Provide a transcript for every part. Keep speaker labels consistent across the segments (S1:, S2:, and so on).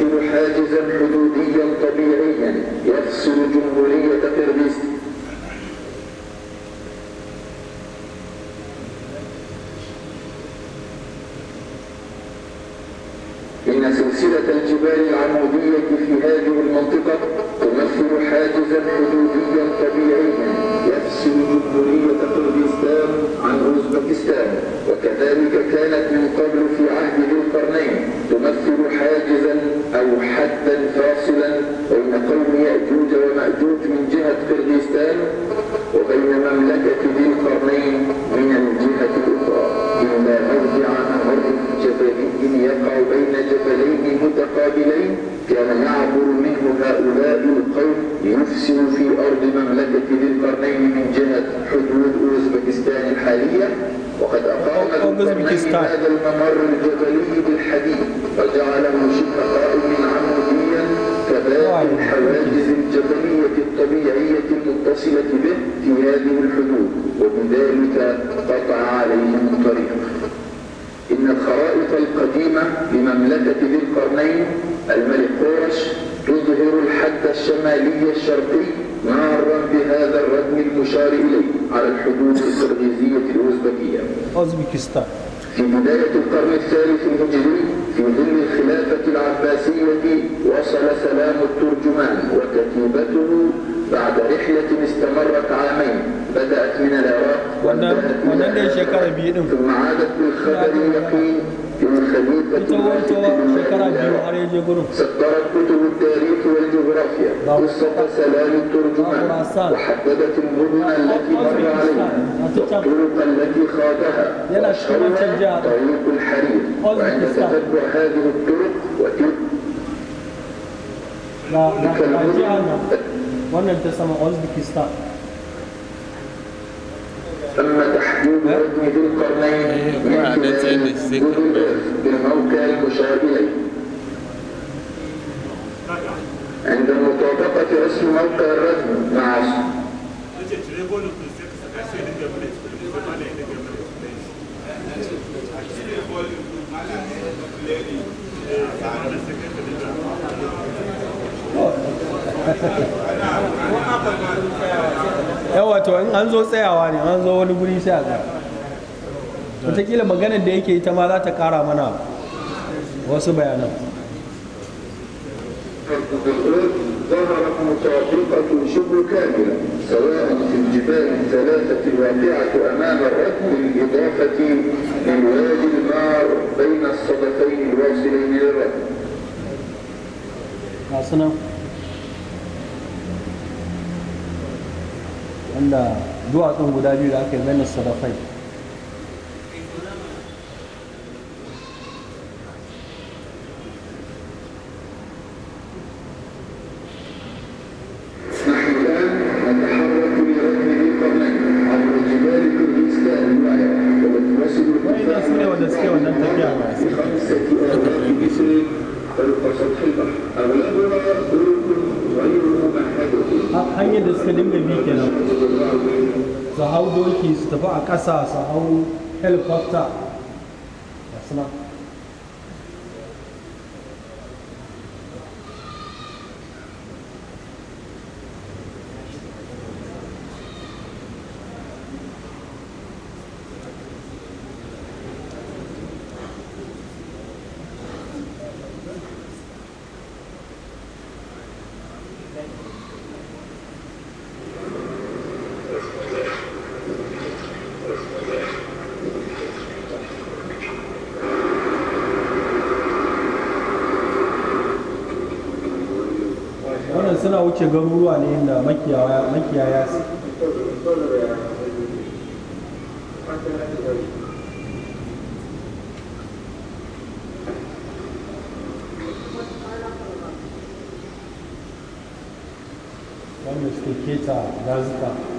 S1: يشكل حاجزا حدوديا طبيعيا يفصل جمهورية قرغيز إن سلسلة الجبال العمودية في هذه المنطقة تمثل حاجزا حدوديا طبيعيا يفصل جمهورية قرغيزستان عن أوزبكستان فجعله شبه عموديا كباب الحواجز الجبلية الطبيعية المتصلة به في هذه الحدود وبذلك قطع عليهم الطريق إن الخرائط القديمة لمملكة ذي القرنين الملك قورش تظهر الحد الشمالي الشرقي مارا بهذا الرقم المشار إليه على الحدود القرغيزية الأوزبكية أوزبكستان في بداية القرن الثالث الهجري في ظل الخلافة العباسية وصل سلام الترجمان وكتيبته بعد رحلة استمرت عامين بدأت من العراق وانتهت من ثم عادت بالخبر اليقين من خليفة سطرت كتب الآسية وصف سلام الترجمان وحددت المدن التي مر عليها والطرق التي خاضها طريق الحرير وعند تتبع هذه الطرق وتلك تلك تم تحديد وزن ذي القرنين إيه، من بلاد بالموقع المشابه عند مطابقة اسم موقع الرجل مع اسم yawa to in an zo tsayawa ne an zo wani guri sai a wata kila maganar da yake ita ma za ta ƙara mana wasu bayanan الأرض ظهر متوافقة شبه كاملة سواء في الجبال الثلاثة الواقعة أمام الركب بالإضافة لوادي النار بين الصدفين الواصلين للركب. حسنا wanda duwatsun guda biyu da aka yi hanyar da suka dinga bi kenan su hau doki su tafi a ƙasa su hau helicopter suna wuce garuruwa ne inda makiyaya su wanda suke keta dazuka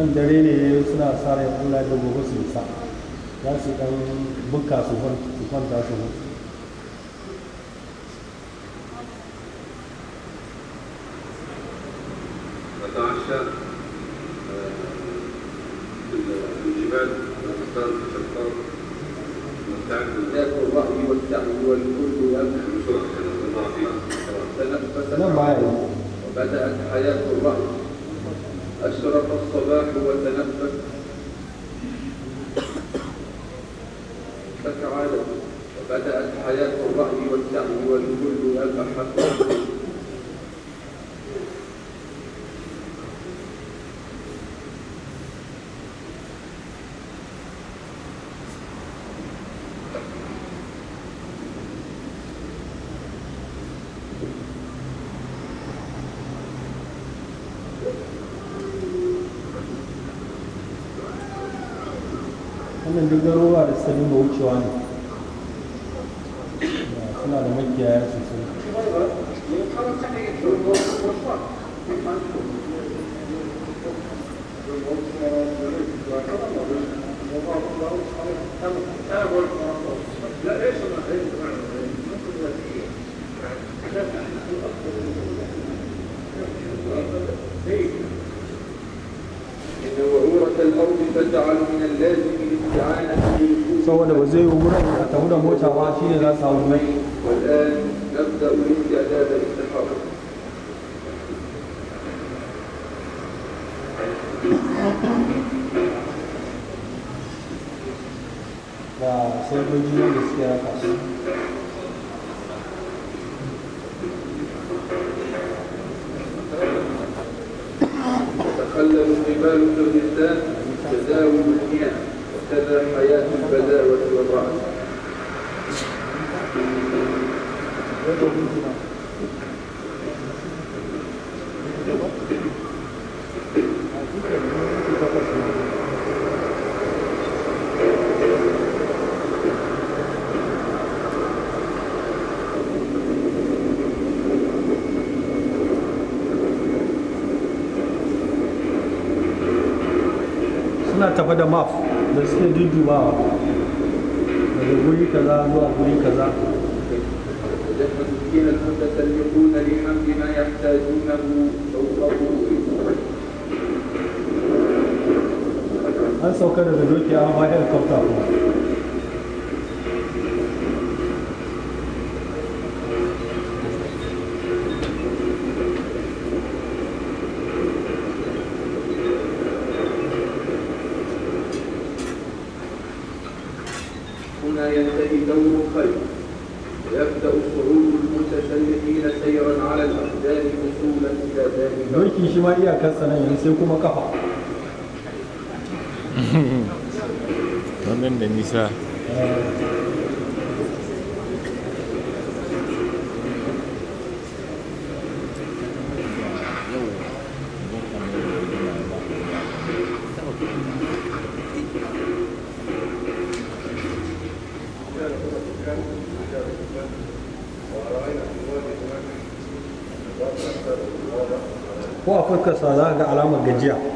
S1: nan dare ne suna sa rai da gobe su sa za su dan buka su kwanta su hutu نتعشى آه، في الجبال ونصطاد في الشرطان ذاك الرأي والسعي والكل يمشي نعم وبدأت حياة الرأي أشرق الصباح وتنفس فتعالت وبدأت حياة الرأي والسعي والكل أبحث Thank you. wannan duk garuruwa da suka dinga wucewa ne suna da makiyaya sosai إن وعورة الأرض فتعل من اللازم saboda ba zai wurin a tafi da mota ba shi ne za samu mai da sojoji da suke raka su تتكلم قبال كردستان تزاوم الحياه كذا حياة البداوة والرأس suna tafa da da suke jujjubawa daga guri kaza zuwa guri kaza المتدفقين المتسلقون لحمد ما يحتاجونه an sauka daga doki an bayar kwamta kuma Yankin shi ma iyakar sanayin sai kuma kafa. Wannan da nisa. Eh. وافكر صلاة على مجدية.